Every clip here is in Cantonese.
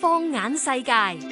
放眼世界。.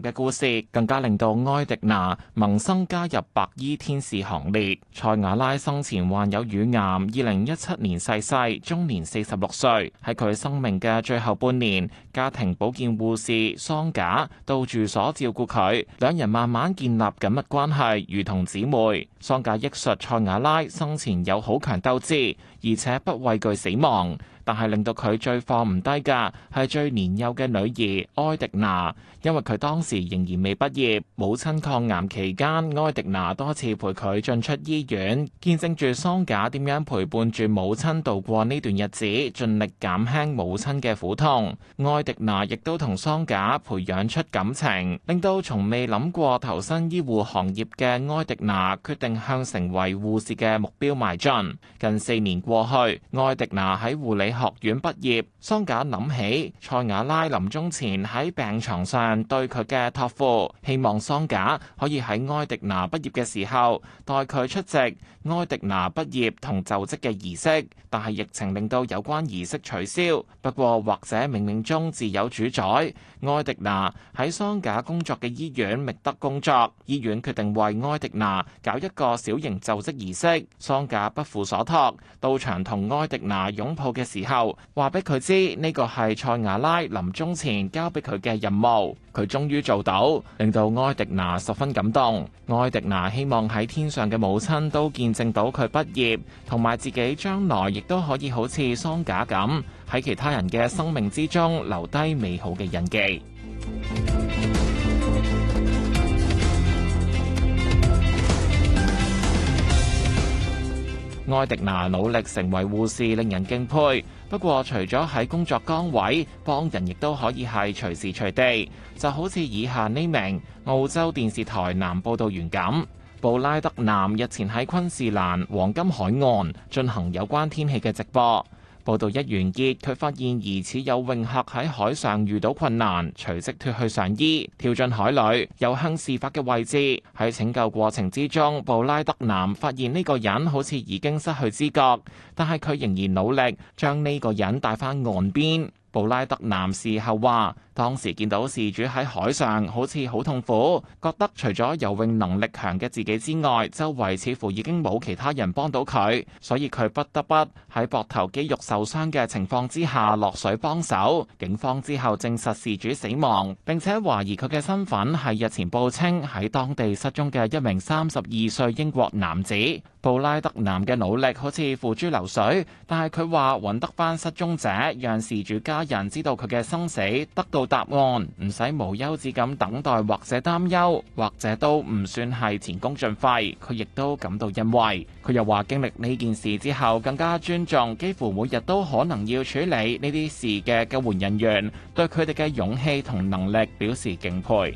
嘅故事更加令到埃迪娜萌生加入白衣天使行列。塞瓦拉生前患有乳癌，二零一七年逝世，終年四十六歲。喺佢生命嘅最後半年，家庭保健護士桑賈到住所照顧佢，兩人慢慢建立緊密關係，如同姊妹。桑賈憶述，塞瓦拉生前有好強鬥志，而且不畏懼死亡。但係令到佢最放唔低嘅係最年幼嘅女兒埃迪娜，因為佢當時仍然未畢業，母親抗癌期間，埃迪娜多次陪佢進出醫院，見證住桑賈點樣陪伴住母親度過呢段日子，盡力減輕母親嘅苦痛。埃迪娜亦都同桑賈培養出感情，令到從未諗過投身醫護行業嘅埃迪娜決定向成為護士嘅目標邁進。近四年過去，埃迪娜喺護理學院畢業，桑賈諗起塞亞拉臨終前喺病床上對佢嘅託付，希望桑賈可以喺埃迪拿畢業嘅時候代佢出席埃迪拿畢業同就職嘅儀式。但係疫情令到有關儀式取消。不過或者冥冥中自有主宰，埃迪拿喺桑賈工作嘅醫院覓得工作，醫院決定為埃迪拿搞一個小型就職儀式。桑賈不負所託，到場同埃迪拿擁抱嘅時。後話俾佢知，呢個係塞牙拉臨終前交俾佢嘅任務，佢終於做到，令到埃迪娜十分感動。埃迪娜希望喺天上嘅母親都見證到佢畢業，同埋自己將來亦都可以好似桑架咁，喺其他人嘅生命之中留低美好嘅印記。埃迪娜努力成為護士，令人敬佩。不過，除咗喺工作崗位幫人，亦都可以係隨時隨地。就好似以下呢名澳洲電視台男報道員咁，布拉德南日前喺昆士蘭黃金海岸進行有關天氣嘅直播。報道一完結，佢發現疑似有泳客喺海上遇到困難，隨即脱去上衣，跳進海裏，遊向事發嘅位置。喺拯救過程之中，布拉德南發現呢個人好似已經失去知覺，但係佢仍然努力將呢個人帶返岸邊。布拉德南事後話，當時見到事主喺海上，好似好痛苦，覺得除咗游泳能力強嘅自己之外，周圍似乎已經冇其他人幫到佢，所以佢不得不喺膊頭肌肉受傷嘅情況之下落水幫手。警方之後證實事主死亡，並且懷疑佢嘅身份係日前報稱喺當地失蹤嘅一名三十二歲英國男子。布拉德南嘅努力好似付諸流水，但係佢話搵得翻，失蹤者，讓事主交人知道佢嘅生死，得到答案，唔使無休止咁等待或者擔憂，或者都唔算係前功盡廢。佢亦都感到欣慰。佢又話經歷呢件事之後，更加尊重，幾乎每日都可能要處理呢啲事嘅救援人員，對佢哋嘅勇氣同能力表示敬佩。